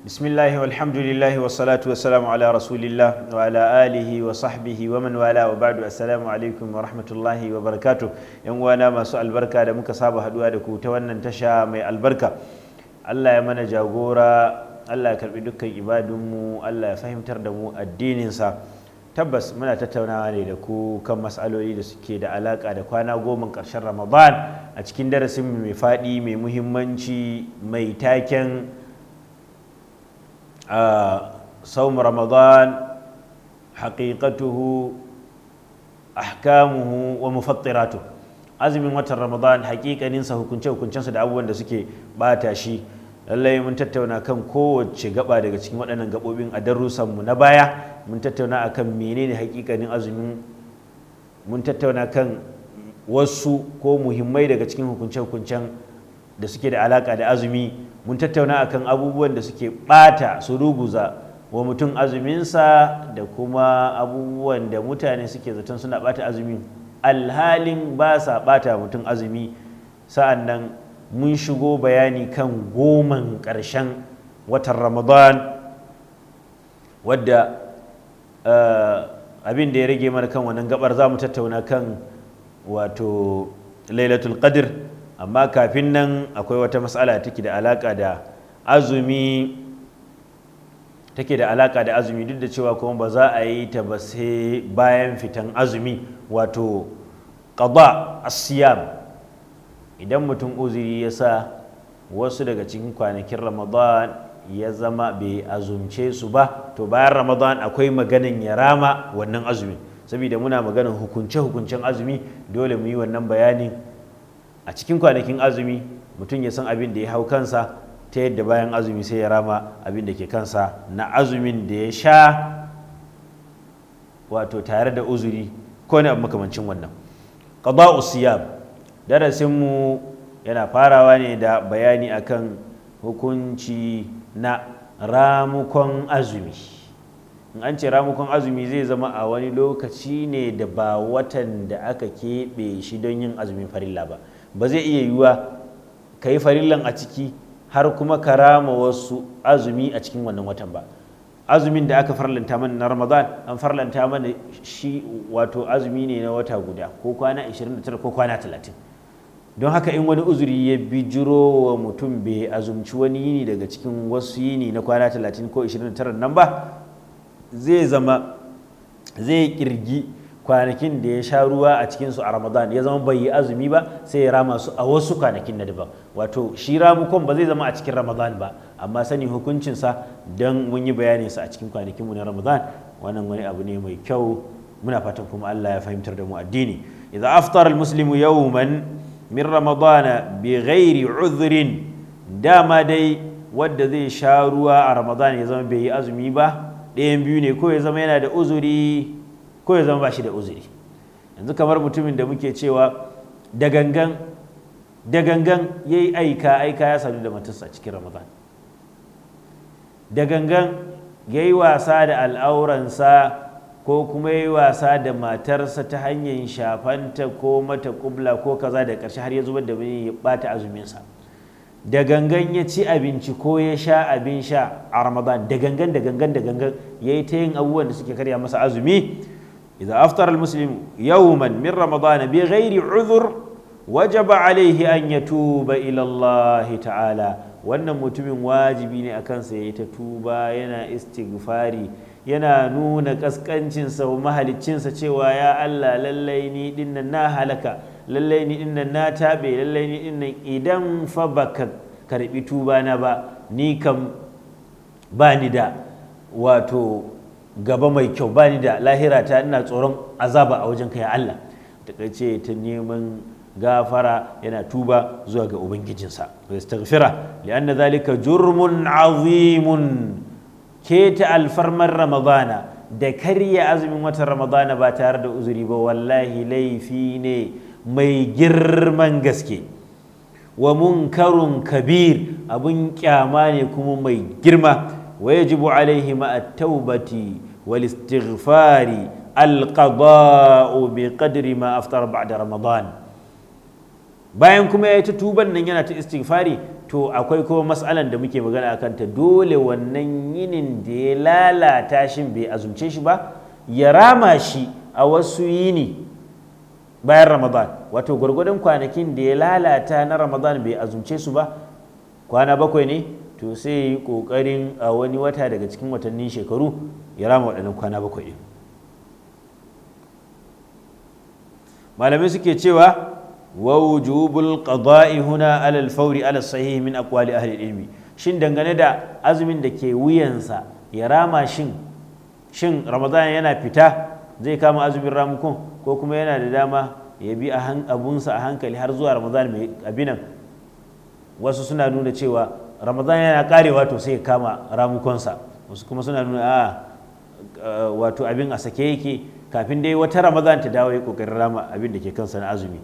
bismillahi walhamdulillahi wassalatu wassalamu ala rasulillah wa ala alihi wa sahbihi wa man wala wa ba'du assalamu wa rahmatullahi wa barakatuh yan uwana masu albarka da muka saba haɗuwa da ku ta wannan tasha mai albarka Allah ya mana jagora Allah ya karbi dukkan ibadunmu Allah ya fahimtar da mu addininsa tabbas muna tattaunawa ne da ku kan matsaloli da suke da alaka da kwana goma karshen ramadan a cikin darasin mai faɗi mai muhimmanci mai taken saum ramadan haƙiƙatuhu ahkamuhu wa mufattiratu azumin watan ramadan haƙiƙaninsa hukunce-hukuncensa da abubuwan da suke bata shi lallai mun tattauna kan kowace gaba daga cikin waɗannan gaɓoɓin a darussanmu na baya mun tattauna a kan menene hakikanin azumin mun tattauna kan wasu ko muhimmai daga cikin hukunce-hukuncen da suke da alaka da azumi mun tattauna a kan abubuwan da suke bata su ruguza wa mutum azuminsa da kuma abubuwan da mutane suke zaton suna bata azumi alhalin ba sa bata mutum azumi sa'an nan mun shigo bayani kan goman ƙarshen watan ramadan wadda Eh, abin da ya rage mana kan wannan gabar za mu tattauna kan wato lailatul qadr amma kafin nan akwai wata matsala take da alaka da azumi take da alaka da azumi duk da cewa kuma ba za a yi ta ba sai bayan fitan azumi wato qada asiyam idan mutum uzuri ya sa wasu daga cikin kwanakin ramadan ya zama bai azumce su ba to bayan ramadan akwai maganin ya rama wannan azumin saboda muna maganin hukunce hukuncen azumi dole mu yi wannan bayanin a cikin kwanakin azumi mutum ya san abin da ya hau kansa ta yadda bayan azumi sai ya rama abin da ke kansa na azumin da ya sha wato tare da uzuri ko ne abu makamancin wannan darasinmu yana farawa ne da bayani akan hukunci na ramukon azumi in an ce ramukon azumi zai zama a wani lokaci ne da ba watan da aka keɓe shi don yin azumin farilla ba ba zai iya yiwuwa ka yi farillan a ciki har kuma ka rama wasu azumi a cikin wannan watan ba azumin da aka farlanta mana na ramadan an farlanta mana shi wato azumi ne na wata guda ko kwana 29 ko kwana 30 don haka in wani uzuri ya bijiro wa mutum bai azumci wani yini daga cikin wasu yini na kwana 30 ko 29 nan ba zai zama zai kirgi kwanakin da ya sha ruwa a cikinsu a ramadan ya zama bai yi azumi ba sai ya rama su a wasu kwanakin na daban wato shi ramukon ba zai zama a cikin ramadan ba amma sani hukuncinsa don mun yi bayaninsa a cikin kwanakinmu na ramadan wannan wani abu ne mai kyau muna fatan kuma allah ya fahimtar da mu addini idan aftar almuslimu yawman min ramadana bi ghairi udhrin dama dai wadda zai sha ruwa a ramadan ya zama bai yi azumi ba ɗayan biyu ne ko ya zama yana da uzuri ko ya zama ba shi da uzuri yanzu kamar mutumin da muke cewa da gangan da gangan ya yi aika aika ya sadu da matarsa cikin ramadan da gangan ya yi wasa da al'auransa ko kuma yi wasa da matarsa ta hanyar shafanta ko mata kubla ko kaza da ƙarshe har ya zubar da mani ya azuminsa da gangan ya ci abinci ko ya sha abin sha a ramadan da gangan da gangan da gangan ya yi ta yin abubuwan da suke karya masa azumi idza aftara yau yawman min ramadan bi ghairi uzur wajaba alaihi an yatuba ila Allah ta'ala wannan mutumin wajibi ne akan sa ya ta tuba yana istighfari yana nuna ƙasƙancinsa wa mahaliccinsa cewa ya Allah lallai ni dinnan na halaka lallai ni dinnan na taɓe lallai ni dinnan idan fa baka karɓi tuba na ba ni kam ba ni da wato gaba mai kyau ba ni da lahira ta ina tsoron azaba a wajen ya Allah takaice ta neman gafara yana tuba zuwa ga ubangijinsa yastaghfira li'anna zalika jurmun azimun keta alfarmar ramadana da karya azumin watan ramadana ba tare da uzuri ba wallahi laifi ne mai girman gaske wa munkarun kabir abun kyama ne kuma mai girma wa yajibu alaihi at-taubati wal istighfari al bi qadri ma aftara ba'da ramadan bayan kuma yayi ta tuban nan yana ta istighfari to akwai kuma matsalan da muke magana a kanta dole wannan yinin da ya lalata shi bai azumce shi ba ya rama shi a wasu yini bayan ramadan wato gwargwadon kwanakin da ya lalata na ramadan bai azumce su ba kwana bakwai ne to sai yi kokarin a wani wata daga cikin watannin shekaru ya rama waɗannan kwana bakwai malamai suke cewa ووجوب القضاء هنا على الفور على الصحيح من أقوال أهل العلم shin dangane da azumin da ke wuyansa ya rama shin yana fita zai kama azumin ramukun ko kuma yana da dama ya bi sa a hankali har zuwa ramadan mai abinan wasu suna nuna cewa ramadan yana karewa to sai ya kama sa wasu kuma suna nuna a wato abin a sake yake kafin dai wata ramadan ta dawo ya kokarin rama abin da ke kansa na azumi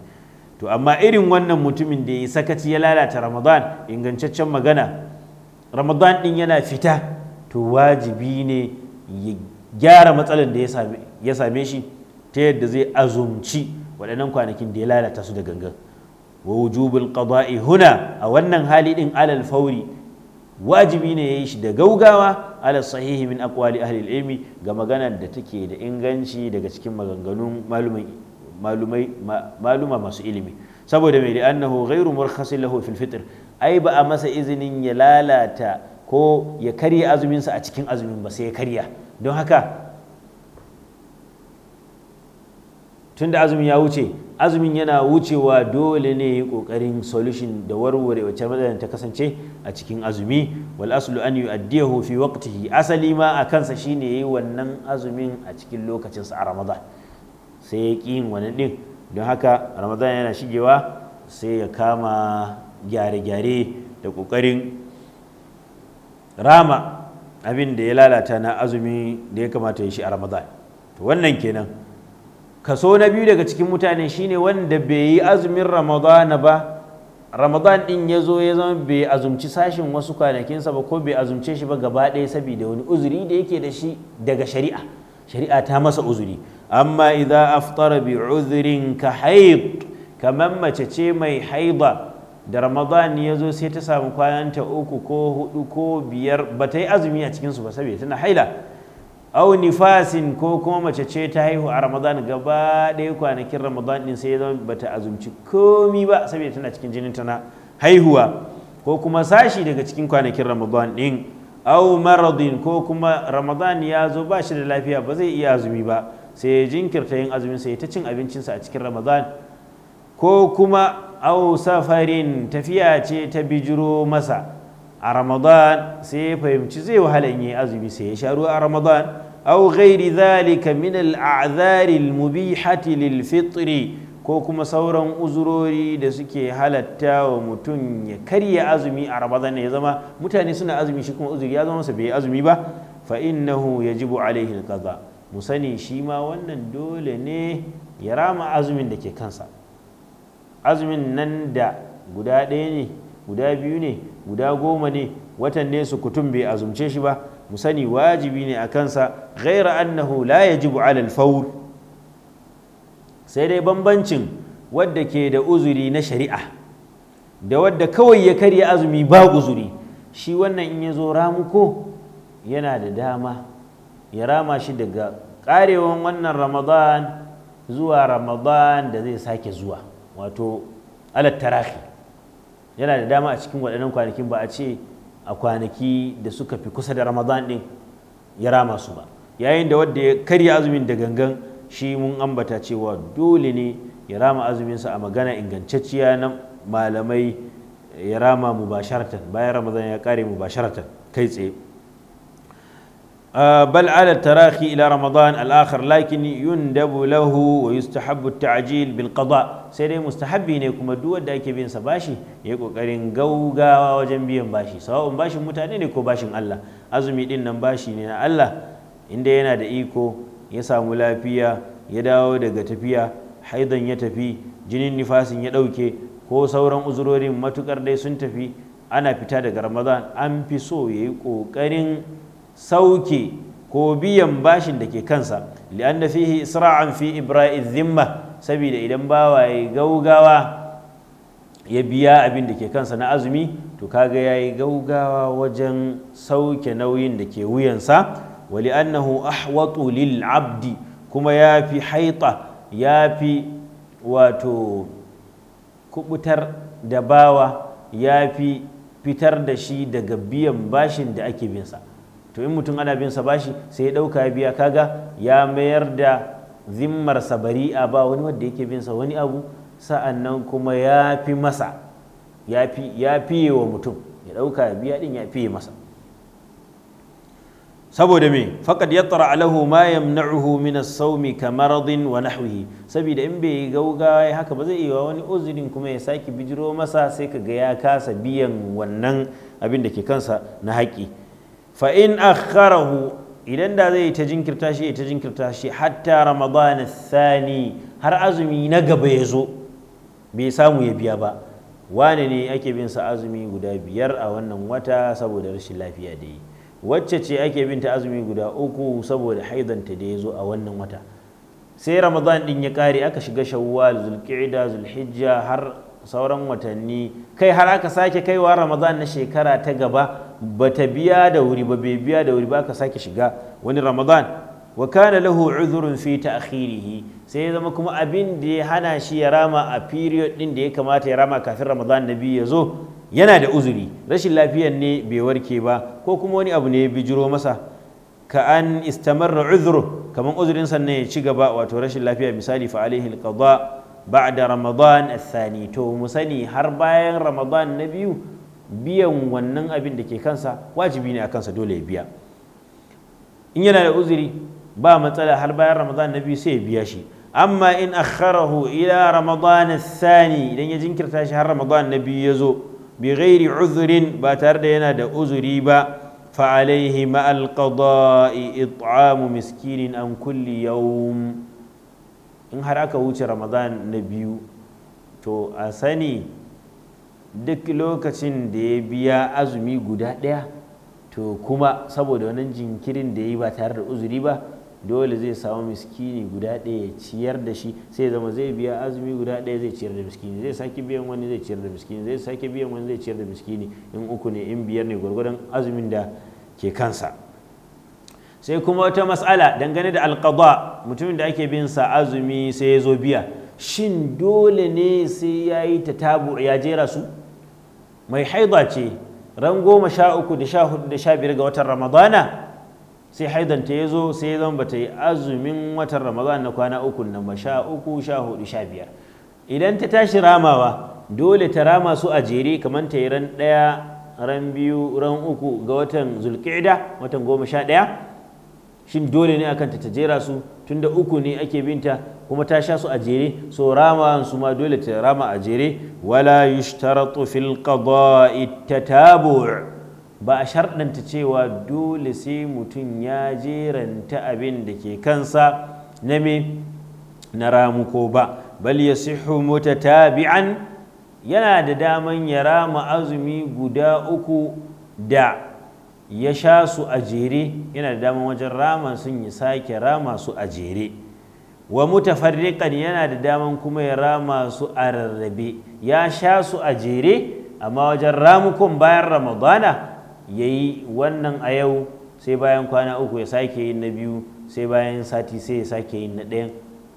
to amma irin wannan mutumin da ya sakaci ya lalata ramadan ingantaccen magana ramadan din yana fita to wajibi ne ya gyara matsalar da ya same shi ta yadda zai azumci waɗannan kwanakin da ya lalata su da gangan wa wujubul qada'i huna a wannan hali din alal fauri wajibi ne ya yi shi da gaugawa ala sahihi min aqwali ahli ilmi ga maganar da take da inganci daga cikin maganganun malumin malumai maluma masu ilimi saboda mai annahu ghairu murkhasin lahu fil fitr ai ba a masa izinin ya lalata ko ya karya azuminsa a cikin azumin ba sai ya karya don haka tunda azumin ya wuce azumin yana wucewa dole ne yi kokarin solution da warware wacce matsalar ta kasance a cikin azumi wal aslu an yu'addiyahu fi waqtihi asali ma a kansa shine yi wannan azumin a cikin lokacinsa a ramadan sai ya ƙi yin wani ɗin don haka ramadan yana shigewa sai ya kama gyare-gyare da ƙoƙarin rama abin da ya lalata na azumi da ya kamata ya shi a ramadan to wannan kenan kaso na biyu daga cikin mutane shine wanda bai yi azumin ramadan ba ramadan ɗin ya zo ya zama bai azumci sashin wasu kwanakinsa ba ko bai azumce shi ba gaba ɗaya saboda wani uzuri da yake da shi daga shari'a shari'a ta masa uzuri amma idza aftara bi udhrin ka hayd kaman mace ce mai haida da ramadan ya zo sai ta samu kwananta uku ko hudu ko biyar ba ta yi azumi a cikinsu ba saboda tana haila au nifasin ko kuma mace ce ta haihu a ramadan gaba ɗaya kwanakin ramadan din sai zama ba ta azumci komi ba saboda tana cikin jinin tana haihuwa ko kuma sashi daga cikin kwanakin ramadan din au maradin ko kuma ramadan ya zo ba shi da lafiya ba zai iya azumi ba sai ya jinkirta yin azumin sai ta cin abincinsa a cikin ramadan ko kuma au safarin tafiya ce ta bijiro masa a ramadan sai ya fahimci zai wahala in yi azumi sai ya sha ruwa a ramadan au ghairi zalika min al'azari mubihati lil fitri ko kuma sauran uzurori da suke halatta wa mutum ya karya azumi a ramadan ya zama mutane suna azumi shi kuma uzuri ya zama masa bai azumi ba fa innahu yajibu alaihi al mu sani shi ma wannan dole ne ya rama azumin da ke kansa azumin nan da guda ɗaya ne guda biyu ne guda goma ne watan ne su kutum bai azumce shi ba mu sani wajibi ne a kansa ghaira annahu la yajibu alal fawr sai dai bambancin wadda ke da uzuri na shari'a da wadda kawai ya karya azumi ba uzuri shi wannan in ya zo ko yana da dama ya rama shi daga ƙarewan wannan ramadan zuwa ramadan da zai sake zuwa wato alat tarahi yana da dama a cikin waɗannan kwanakin ba a ce a kwanaki da suka fi kusa da ramadan ɗin ya rama su ba yayin da wadda ya karya azumin da gangan shi mun ambata cewa dole ne ya rama azuminsa a magana ingantacciya na malamai ya rama mubasharatan bayan ramadan ya kare mubasharatan kai tsaye بل على التراخي إلى رمضان الآخر لكن يندب له ويستحب التعجيل بالقضاء سيدي مستحبين يكون مدوة دايك بين سباشي يكو قرين قوغا وجنبين باشي سواء باشي متانين يكو باشي الله أزمي دين باشي نينا الله إن دينا دايكو يسا ملافيا يداو دقا تفيا حيضا يتفي جنين نفاس يدوكي ko sauran uzurorin matukar dai sun tafi ana fita daga ramadan an fi so ya yi ƙoƙarin sauke ko biyan bashin da ke kansa da fihi isra'an fi ibra'in zimma saboda idan ya gaugawa ya biya abin da ke kansa na azumi to kaga ya yi gaugawa wajen sauke nauyin da ke wuyansa wali annahu ahwatu lil abdi kuma ya fi haita ya fi wato kubutar da bawa ya fi fitar da shi daga biyan bashin da ake binsa to in mutum ana bin sa bashi sai ya dauka ya biya kaga ya mayar da zimmar sa a ba wani wanda yake bin sa wani abu sa'annan kuma ya fi masa ya fi ya fiye wa mutum ya dauka ya biya din ya fiye masa saboda me faqad yatra alahu ma yamna'uhu min as-sawmi ka maradin wa nahwihi saboda in bai gauga haka ba zai iya wani uzurin kuma ya saki bijiro masa sai kaga ya kasa biyan wannan abin da ke kansa na haƙi fa in akharahu idan da zai ta jinkirta shi ta jinkirta shi hatta ramadan sani har azumi na gaba ya zo bai samu ya biya ba wane ne ake bin sa azumi guda biyar a wannan wata saboda rashin lafiya da yi wacce ce ake bin ta azumi guda uku saboda haidanta da ya zo a wannan wata sai ramadan din ya kare aka shiga shawwal zulqa'da zulhijja har sauran watanni kai har aka sake kaiwa ramadan na shekara ta gaba bata biya da wuri ba bai biya da wuri ba ka sake shiga wani ramadan wa kana lahu uzurun fi ta'khirihi sai ya zama kuma abin da ya hana shi ya rama a period din da ya kamata ya rama kafin ramadan nabi ya zo yana da uzuri rashin lafiyar ne bai warke ba ko kuma wani abu ne ya bijiro masa ka an istamarra uzuru kaman uzurin sannan ya ci gaba wato rashin lafiya misali fa alaihi alqada ba'da ramadan athani to mu sani har bayan ramadan na biyu biyan wannan abin da ke kansa wajibi ne a kansa dole ya biya in yana da uzuri ba matsala har bayan ramadan na biyu sai ya biya shi amma in akharahu ila ramadan sani idan ya jinkirta shi har ramadan na biyu ya zo bi ghairi uzurin ba tare da yana da uzuri ba fa alaihi ma alqada'i it'amu miskinin an kulli yawm in har aka wuce ramadan na biyu to a sani duk lokacin da ya biya azumi guda ɗaya to kuma saboda wannan jinkirin da ya yi ba tare da uzuri ba dole zai samu miskini guda ɗaya ya ciyar da shi sai zama zai biya azumi guda ɗaya zai ciyar da miskini zai sake biyan wani zai ciyar da miskini zai sake biyan wani zai ciyar da miskini in uku ne in biyar ne gwargwadon azumin da ke kansa sai kuma wata matsala dangane da alƙada mutumin da ake bin sa azumi sai ya zo biya shin dole ne sai ya yi ta tabu ya jera su mai haida ce ran goma sha uku da sha hudu da sha biyar ga watan ramadana sai haidanta ya zo sai ya zama bata yi azumin watan ramadana na kwana uku nan ba sha uku sha hudu sha biyar idan ta tashi ramawa dole ta rama su a jere kamar ta yi ran ɗaya ran biyu ran uku ga watan zulƙida watan goma sha ɗaya shin dole ne akan ta jera su tunda uku ne ake binta kuma ta sha su a jere so rama su ma dole ta rama a jere wala yushtaratu fil qada'i tatabu' ba a sharɗanta cewa dole sai mutum ya jeranta abin da ke kansa na me na ramuko ba bal yasihu mutatabi'an yana da daman ya rama azumi guda uku da ya sha su a jere yana da daman wajen rama sun yi sake rama su a jere wa mutafarriqan yana da daman kuma ya rama su a rarrabe ya sha su a jere amma wajen ramukun bayan ramadana ya yi wannan a yau sai bayan kwana uku ya sake yin na biyu sai bayan sati sai ya sake yin na ɗayan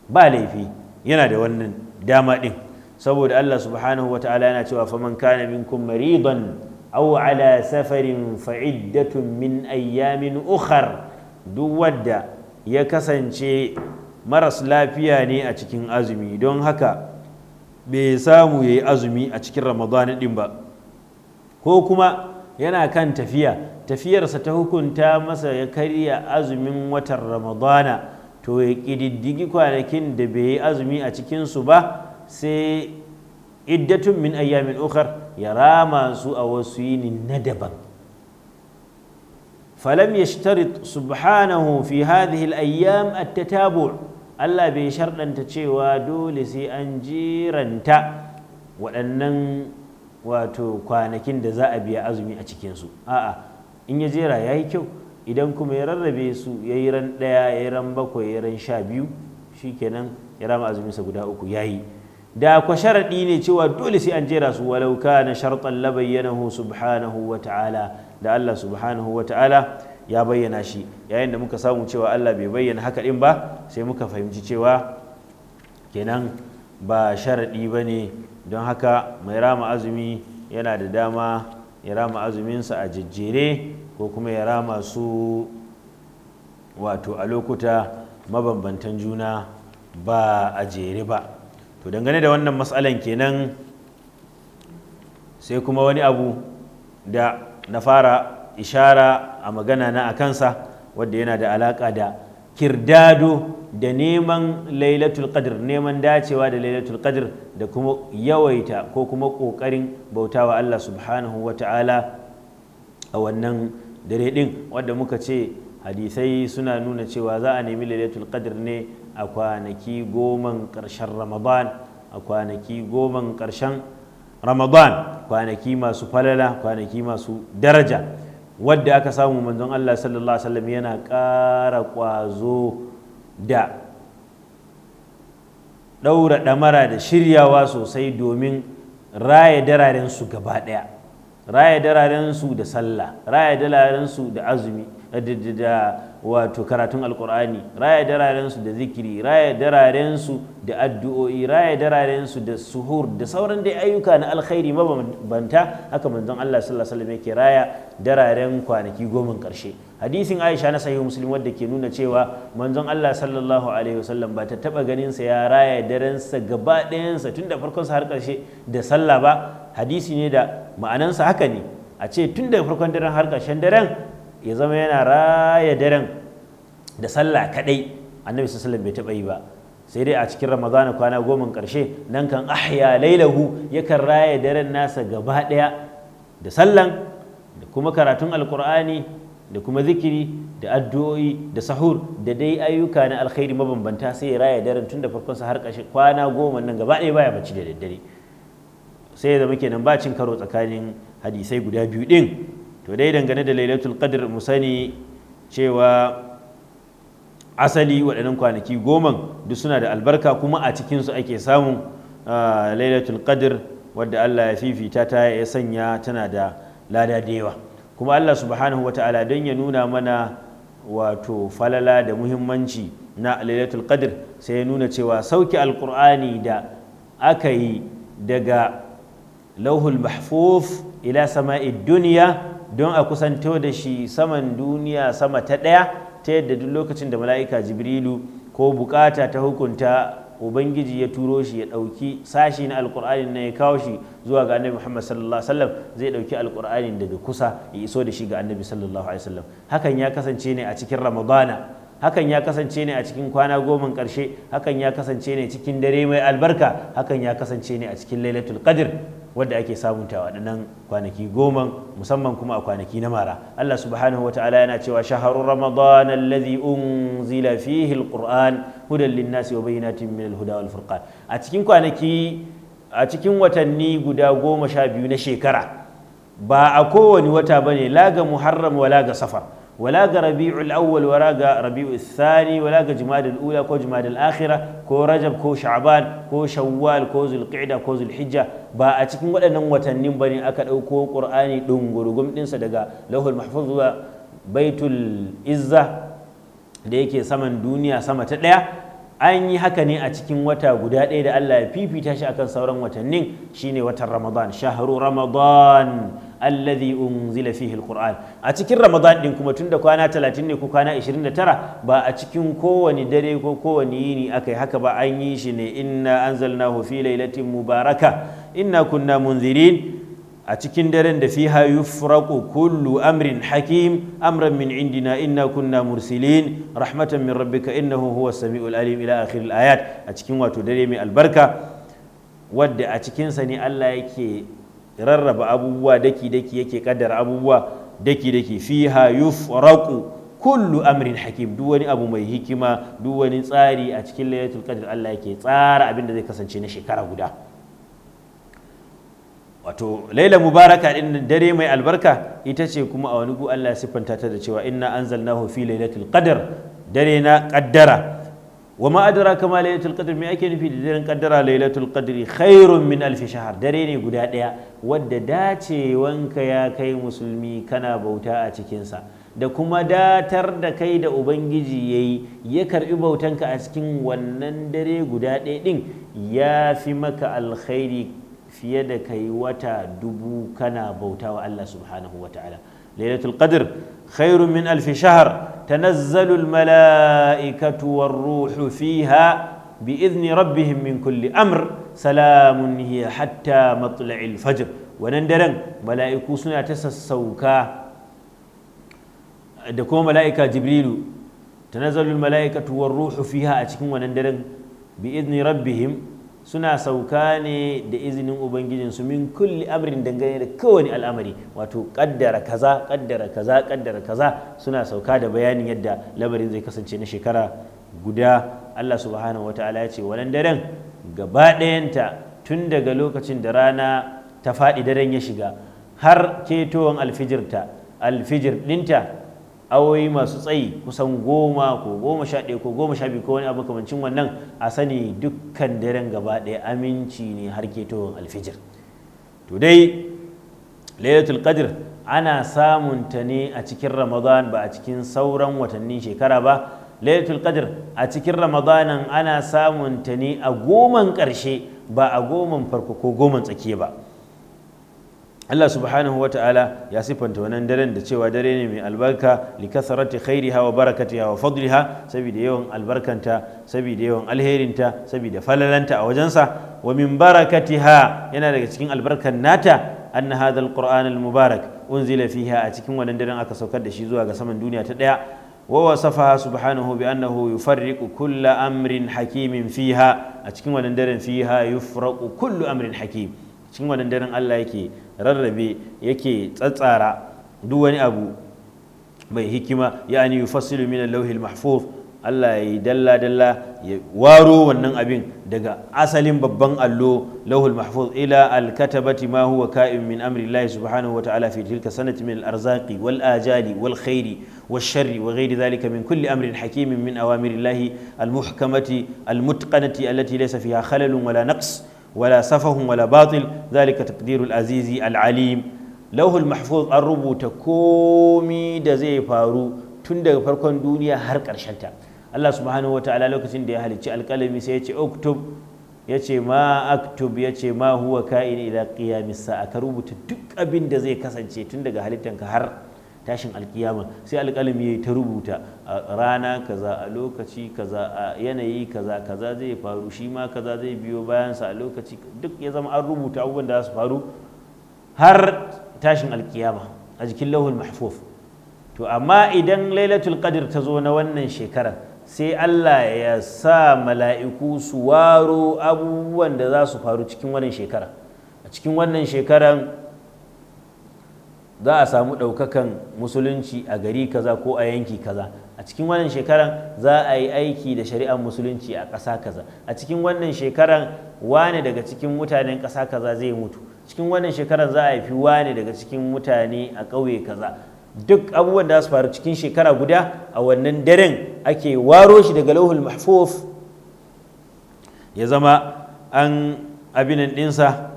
ba laifi yana da wannan dama ɗin saboda allah subhanahu wa ta'ala yana cewa faman kana minkum maridan au ala safarin fa'iddatun min ayyamin ukhar duk wadda ya kasance maras lafiya ne a cikin azumi don haka bai samu ya yi azumi a cikin ramadana ɗin ba ko kuma yana kan tafiya tafiyarsa ta hukunta masa ya karya azumin watan ramadana to ya ƙididdigi kwanakin da bai yi azumi a cikinsu ba sai iddatun min ayyamin ukhar ya rama su a wasu yini na daban falam ya yashtarit subhanahu fi hadhihi al-ayyam at-tatabu' Allah bai sharɗanta cewa dole sai an jiranta waɗannan wato kwanakin da za a biya azumi a cikinsu a'a in ya jera ya yi kyau idan kuma ya rarrabe su ya yi ran ɗaya ya yi ran bakwai ya yi ran sha biyu shikenan ya rama azuminsa guda uku ya yi da kwa sharaɗi ne cewa dole sai an jera su walau kana shartan la bayyanahu subhanahu wa ta'ala da Allah subhanahu wa ta'ala ya bayyana shi yayin da muka samu cewa Allah bai bayyana haka din ba sai muka fahimci cewa kenan ba sharaɗi ba ne don haka mai rama azumi yana da dama ya rama azuminsa a jejjere ko kuma ya rama su wato a lokuta mabambantan juna ba a jere ba to dangane da wannan matsalan kenan sai kuma wani abu da na fara ishara a magana na a kansa wadda yana da alaƙa da kirdado da neman lailatul qadr neman dacewa da lailatul qadr da kuma yawaita ko kuma ƙoƙarin bautawa Allah subhanahu wa ta'ala a wannan dare ɗin wadda muka ce hadisai suna nuna cewa za a nemi lailatul qadr ne a kwanaki goman ƙarshen ramadan a kwanaki goman ƙarshen ramadan kwanaki masu falala kwanaki masu daraja wadda aka samu manzon Allah sallallahu alaihi wasallam yana ƙara ƙwazo da ɗaura ɗamara da shiryawa sosai domin raya dararensu gaba ɗaya raya dararensu da sallah raya dararensu da azumi da wato karatun alkur'ani raya dararensu da zikiri raya dararensu da addu'o'i raya dararensu da suhur da sauran dai ayyuka na alkhairi mabambanta haka manzon Allah sallallahu alaihi wasallam yake raya dararen kwanaki gomin karshe hadisin Aisha na sahihu muslim wanda ke nuna cewa manzon Allah sallallahu alaihi wasallam ba ta taba ganin sa ya raya sa gaba ɗayansa tun da farkon sa har karshe da sallah ba hadisi ne da ma'anansa haka ne a ce tun da farkon daren har ƙarshen daren ya zama yana raya daren da sallah kadai annabi sallallahu bai taba yi ba sai dai a cikin ramadana kwana goma karshe nan kan ahya lailahu yakan raya daren nasa gaba daya da sallan da kuma karatun alkur'ani da kuma zikiri da addu'o'i da sahur da dai ayyuka na alkhairi mabambanta sai ya raya daren tun da farkonsa har ƙarshe kwana goma nan gaba ɗaya baya bacci da daddare sai ya zama kenan ba cin karo tsakanin hadisai guda biyu din. to dai dangane da lailatul qadr mu sani cewa asali waɗannan kwanaki goman duk suna da albarka kuma a cikinsu ake samun lailatul qadr wadda Allah ya fifita ta ya sanya tana da lada kuma Allah subhanahu wa ta'ala don ya nuna mana wato falala da muhimmanci na lailatul qadr sai ya nuna cewa sauki alkur'ani da aka yi daga lauhul mahfuf ila sama'i duniya don a kusanto da shi saman duniya sama ta ɗaya ta yadda duk lokacin da mala'ika jibrilu ko bukata ta hukunta ubangiji ya turo shi ya ɗauki sashi na alkur'ani na ya kawo shi zuwa ga annabi muhammad sallallahu alaihi wasallam zai ɗauki alkur'ani daga kusa ya iso da shi ga annabi sallallahu alaihi wasallam hakan ya kasance ne a cikin ramadana hakan ya kasance ne a cikin kwana goma ƙarshe hakan ya kasance ne cikin dare mai albarka hakan ya kasance ne a cikin lailatul qadr wadda ake sabunta waɗannan kwanaki goma musamman kuma a kwanaki na mara Allah subhanahu wa ta'ala yana cewa shaharu ramadan alladhi unzila fihi alquran hudan linnasi wa bayyinatin min alhuda wal furqan a cikin kwanaki a cikin watanni guda goma sha biyu na shekara ba a kowane wata bane la ga muharram wala ga safar wala ga rabi'ul awwal wala ga ولا thani wala ga jumadul ula ko jumadul akhira ko rajab ko شوال ko shawwal ko zulqa'da ko الحجه ba a cikin waɗannan watannin bane aka ɗauko qur'ani dungurugum ɗinsa daga lahul mahfuz wa baitul izza da yake saman duniya sama ta daya? an yi haka ne a cikin wata guda ɗaya da Allah ya fifita shi akan sauran watannin shine watan Ramadan shahru Ramadan alladhi unzila fihi alquran a cikin ramadan din kuma tunda kwana 30 ne ko kwana 29 ba a cikin kowane dare ko kowane yini akai haka ba an yi shi ne inna anzalnahu fi lailatin mubaraka inna kunna munzirin a cikin daren da fiha yufraqu kullu amrin hakim amran min indina inna kunna mursilin rahmatan min rabbika innahu huwa samiul alim ila akhir ayat a cikin wato dare mai albarka wadda a cikinsa ne Allah yake rarraba abubuwa daki-daki yake kaddara abubuwa daki-daki fiha yufraqu kullu amrin hakim duk wani abu mai hikima duk wani tsari a cikin lailatul qadr Allah yake tsara abin da zai kasance na shekara guda wato laila mubaraka din dare mai albarka ita ce kuma a wani gu Allah ya siffanta ta da cewa inna anzalnahu fi lailatul qadr dare na qaddara wa ma'adara kama ma lailatul qadr me ake nufi da daren kaddara lailatul qadri khairun min alf shahr dare ne guda daya wadda dacewanka ya kai musulmi kana bauta a cikin sa da kuma datar da kai da ubangiji yayi ya karbi ka a cikin wannan dare guda daya din ya fi maka alkhairi fiye da kai wata dubu kana bauta wa Allah subhanahu wataala lailatul qadr khairun min alf shahr تنزل الملائكة والروح فيها بإذن ربهم من كل أمر سلام هي حتى مطلع الفجر ونندرن ملائكو سنة تسسوكا دكو ملائكة جبريل تنزل الملائكة والروح فيها أتكون ونندرن بإذن ربهم suna sauka ne da izinin ubangijinsu min kulli amrin dangane da kowane al'amari wato kaddara kaza kaddara kaza kaddara kaza suna sauka da bayanin yadda labarin zai kasance na shekara guda Allah subhanahu wataala ya ce wannan daren gaba ɗayanta tun daga lokacin da rana ta faɗi daren ya shiga har ketowan alfijirta alfijir ɗinta awoyi masu tsayi kusan goma ko goma sha ɗaya ko goma sha biyu ko wani abu kamancin wannan a sani dukkan daren gaba ɗaya aminci ne har ke to alfijir to dai laylatul qadr ana samun ta ne a cikin ramadan ba a cikin sauran watanni shekara ba laylatul qadr a cikin ramadanan ana samun ta ne a goman ƙarshe ba a goman farko ko goman tsakiya ba Allah subhanahu wa ta'ala ya siffanta wannan daren da cewa dare ne mai albarka li kasarati hawa wa barakatiha wa fadliha saboda yawan albarkanta saboda yawan alherinta saboda falalanta a wajensa wa min barakatiha yana daga cikin albarkan nata anna hadha alquran almubarak unzila fiha a cikin wannan daren aka saukar da shi zuwa ga saman duniya ta daya wa wasafaha subhanahu bi annahu yufarriqu kulla amrin hakimin fiha a cikin wannan daren fiha yufraqu kullu amrin hakim cikin wannan daren Allah yake rarrabe yake tsatsara duk wani abu mai hikima yani yufassilu min al-lawhil mahfuz Allah ya yi dalla-dalla ya waro wannan abin daga asalin babban allo lauhul mahfuz ila alkatabati ma huwa ka'im min amrillahi subhanahu wa ta'ala fi tilka sanati min al-arzaqi wal ajali wal khairi wal sharri wa ghairi dhalika min kulli amrin hakimin min awamirillahi al-muhkamati al-mutqanati allati laysa fiha khalalun wala naqs wala safahun wala batil zalika taqdirul azizi al'alim lauhul mahfuz an rubuta komi da zai faru tun daga farkon duniya har ta Allah subhanahu wa ta'ala lokacin da ya halicci alƙalami sai ya ce yace ya ce ma aktub ya ce ma huwa ka'in ila ƙiyamisa. sa'a ka rubuta duk abin da zai kasance tun daga halittanka har tashin alkiyama sai alƙalami ya yi ta rubuta a rana kaza a lokaci kaza a yanayi kaza kaza zai faru shi ma kaza zai biyo bayansa a lokaci duk ya zama an rubuta abubuwan da za su faru har tashin alkiyama a jikin lahul mahfuf to amma idan lailatul qadr ta zo na wannan shekarar sai Allah ya sa mala'iku su waro abubuwan da za su faru cikin wannan shekara a cikin wannan shekaran za a samu ɗaukakan musulunci a gari kaza ko a yanki kaza a cikin wannan shekaran za a yi aiki da shari'ar musulunci a ƙasa kaza a cikin wannan shekaran wane daga cikin mutanen ƙasa kaza zai mutu cikin wannan shekaran za a haifi wane daga cikin mutane a ƙauye kaza duk abubuwan da su faru cikin shekara guda a wannan daren ake waro shi daga lauhul mahfuf ya zama an abinan ɗinsa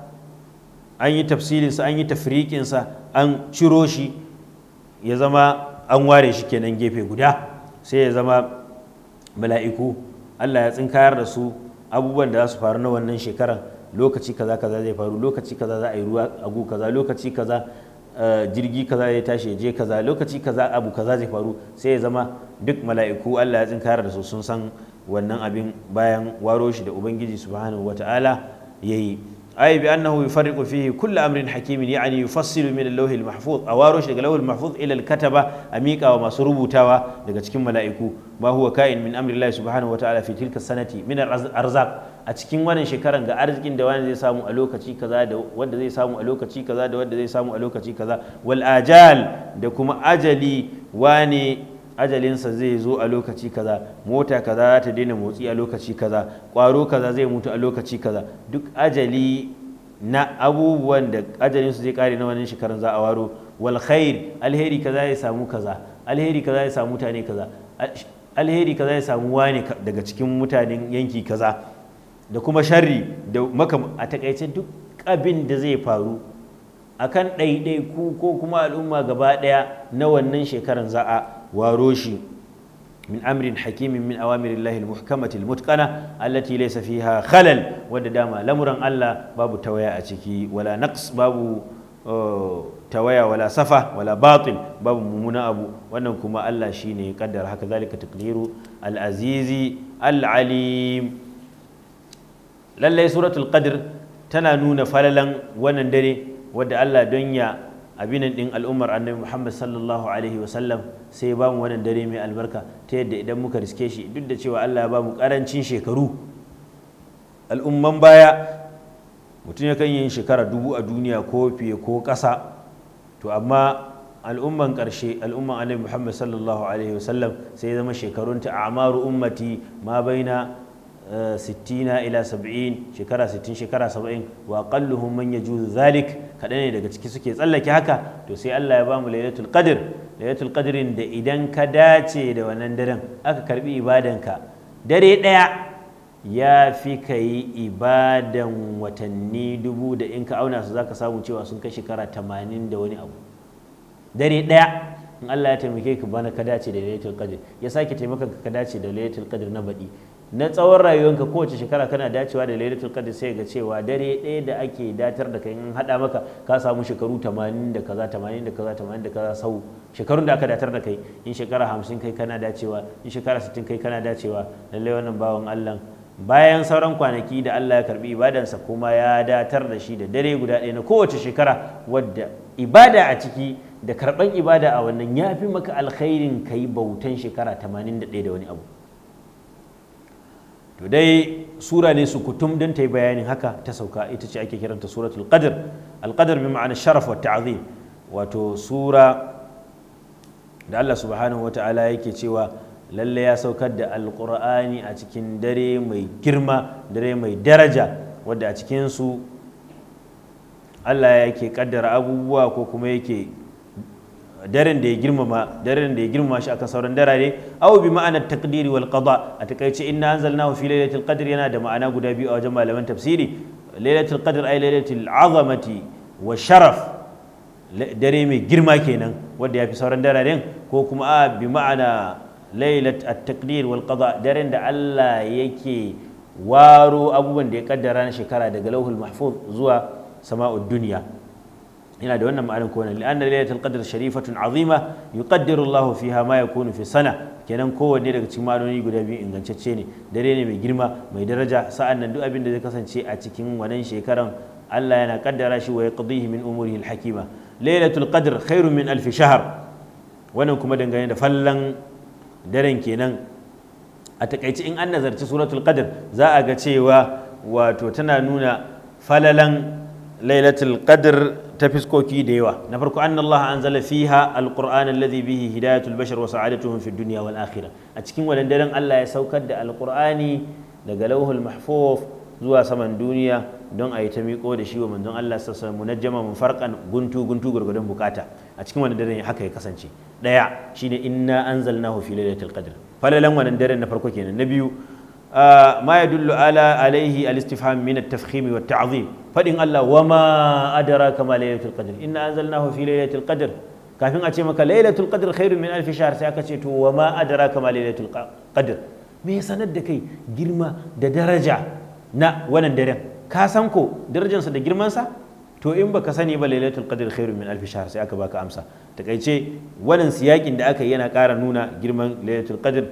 an yi tafsirinsa an yi tafrikinsa an ciro shi ya zama an ware shi kenan gefe guda sai ya zama mala'iku allah ya tsinkayar da su abubuwan da za su faru na wannan shekaran lokaci kaza kaza zai faru lokaci kaza za a yi ruwa a gu kaza lokaci kaza eh, jirgi kaza ya tashi je kaza lokaci kaza abu kaza zai faru sai ya zama duk mala'iku allah ya tsinkayar da su sun san wannan abin bayan waro shi da ubangiji subhanahu wata'ala ya yi أي بأنه يفرق فيه كل أمر حكيم يعني يفصل من اللوح المحفوظ أواروش لك اللوح المحفوظ إلى الكتبة أميك أو مسروب تاوى لك تكين ملائكو ما هو كائن من أمر الله سبحانه وتعالى في تلك السنة من الأرزاق أتكين وانا شكرا أرزقين دوان زي سامو ألوكا تي كذا وان زي سامو ألوكا تي كذا وان زي سامو ألوكا تي كذا والآجال دكما أجلي واني ajalinsa zai zo a lokaci kaza mota kaza za ta daina motsi a lokaci kaza ƙwaro kaza zai mutu a lokaci kaza duk ajali na abubuwan da ajalinsu zai kare na wannan shekaran za a waro wal khair alheri kaza ya samu kaza alheri kaza ya samu mutane kaza alheri kaza ya samu wani daga cikin mutanen yanki kaza da kuma sharri da maka a takaice duk abin da zai faru akan ɗaiɗaiku ko kuma al'umma gaba ɗaya na wannan shekaran za a waroshi. shi amrin hakimin min awamirin muhkamatil mutkana allati laysa khalal wanda dama lamuran Allah babu a ciki wala naqs babu wala safa wala batil babu mummuna abu wannan kuma Allah shine kaddara haka zalika taqdiru al-azizi al lallai suratul qadr tana nuna wannan dare Allah ya abinan din al'ummar annabi muhammad sallallahu alaihi wasallam sai ba mu wannan dare mai albarka ta yadda idan muka riske shi duk da cewa allah ya ba mu karancin shekaru al'umman baya mutum ya kan yin shekara dubu a duniya ko fiye ko ƙasa to amma al'umman ƙarshe al'umman annabi muhammad sallallahu alaihi wasallam sai zama shekarun ta amaru ummati ma baina sittina ila sab'in shekara sittin shekara saba'in wa aqalluhum man yajuzu zalik kaɗan ne daga ciki suke tsallake haka to sai Allah ya bamu lailatul qadr lailatul qadrin da idan ka dace da wannan daren aka karbi ibadanka dare ɗaya ya fi ka yi ibadan watanni dubu da in ka auna su zaka samu cewa sun kai shekara tamanin da wani abu dare ɗaya in Allah ya taimake ka bana ka dace da lailatul qadr ya sake taimaka ka dace da lailatul qadr na baɗi na tsawon rayuwanka kowace shekara kana dacewa da lailatul qadr sai ga cewa dare ɗaya da ake datar da kai in hada maka ka samu shekaru 80 da kaza 80 da kaza 80 da kaza sau shekarun da aka datar da kai in shekara 50 kai kana dacewa in shekara 60 kai kana dacewa lallai wannan bawan Allah bayan sauran kwanaki da Allah ya karbi ibadansa kuma ya datar da shi da dare guda ɗaya na kowace shekara wadda ibada a ciki da karban ibada a wannan ya fi maka alkhairin kai bautan shekara 81 da wani abu to dai sura ne sukutum don ta yi bayanin haka ta sauka ita ce ake kiranta suratul qadr al-qadr bi ma'ana sharaf wa ta'zim wato sura da Allah subhanahu wata'ala yake cewa lalle ya saukar da alqur'ani a cikin dare mai girma dare mai daraja wadda a cikin su Allah yake kaddara abubuwa ko kuma yake daren da ya girmama daren da ya girmama shi akan sauran darare aw bi ma'anar taqdiri wal qada a takaice inna anzalnahu fi lailatul qadr yana da ma'ana guda biyu a wajen malaman tafsiri lailatul qadr ay lailatul azamati wa sharaf dare mai girma kenan wanda ya fi sauran dararen ko kuma a bi ma'ana laylat at-taqdir wal qada daren da Allah yake waro abubuwan da ya kaddara na shekara daga lauhul mahfuz zuwa sama'ud duniya yana da wannan ma'anar kowane li'anna lailatul qadr sharifatun azima yuqaddiru Allah fiha ma yakunu fi sana kenan kowanne daga cikin ma'anoni guda biyu ingantacce ne dare ne mai girma mai daraja sa'an nan duk abin da zai kasance a cikin wannan shekaran Allah yana kaddara shi wa yaqdihi min umurihi al-hakima lailatul qadr khairun min alf shahr wannan kuma dangane da fallan daren kenan a takaice in an nazarci suratul qadr za a ga cewa wato tana nuna falalan lailatul qadr ta fiskoki da yawa na farko anna anzala fiha alquran alladhi bihi hidayatul bashar wa sa'adatuhum dunya wal akhirah a cikin wannan daren Allah ya saukar da alqurani daga lauhul mahfuz zuwa saman duniya don a yi ta miƙo da shi wa manzon Allah sassan munajjama mun farkan guntu guntu gurgurdan bukata a cikin wannan daren haka ya kasance daya shine inna anzal nahu fi da qadr Falalen wannan daren na farko kenan na biyu ma yadullu ala alaihi al-istifham min at-tafkhim wa at-ta'zim Allah wa ma adraka ma laylatul qadr inna anzalnahu fi laylatul qadr kafin a ce maka laylatul qadr khairun min alf shahr sai aka ce to wa ma adraka ma laylatul qadr me sanar da kai girma da daraja na wannan daren ka san ko darajansa da girmansa to in baka sani ba lailatul qadr khairun min alf shahr sai aka baka amsa takaice wannan yakin da aka yi yana ƙara nuna girman lailatul qadr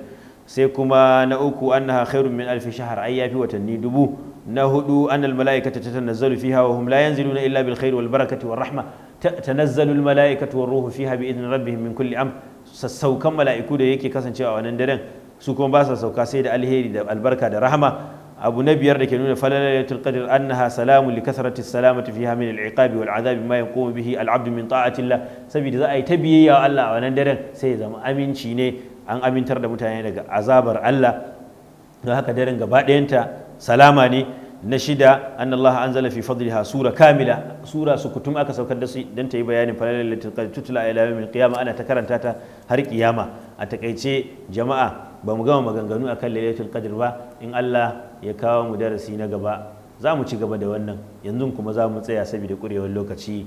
sai kuma na uku annaha khairun min alfi shahar ai yafi watanni dubu na hudu annal malaikata tanazzalu fiha hawa hum la yanziluna illa bil khair wal barakati war rahma tanazzalu al malaikatu war ruhu fiha bi idni rabbihim min kulli am sassaukan mala'iku da yake kasancewa wannan daren su kuma ba sa sauka sai da alheri da albarka da rahama abu na biyar da ke nuna falalatul qadr annaha salamun li kasrati salamati fiha min al-iqabi wal azabi ma yaqumu bihi al-abdu min ta'atillah saboda za a yi ta biyayya Allah a wannan daren sai ya zama aminci ne an amintar da mutane daga azabar Allah don haka daren gaba ɗayanta salama ne na shida an Allah an zala fi ha sura kamila sura kutum aka saukar da su don ta yi bayanin falalar littattafai tutula a yawmin kiyama ana ta karanta ta har kiyama a takaice jama'a ba mu gama maganganu akan lailatul qadr ba in Allah ya kawo mu darasi na gaba za mu ci gaba da wannan yanzu kuma za mu tsaya saboda kurewar lokaci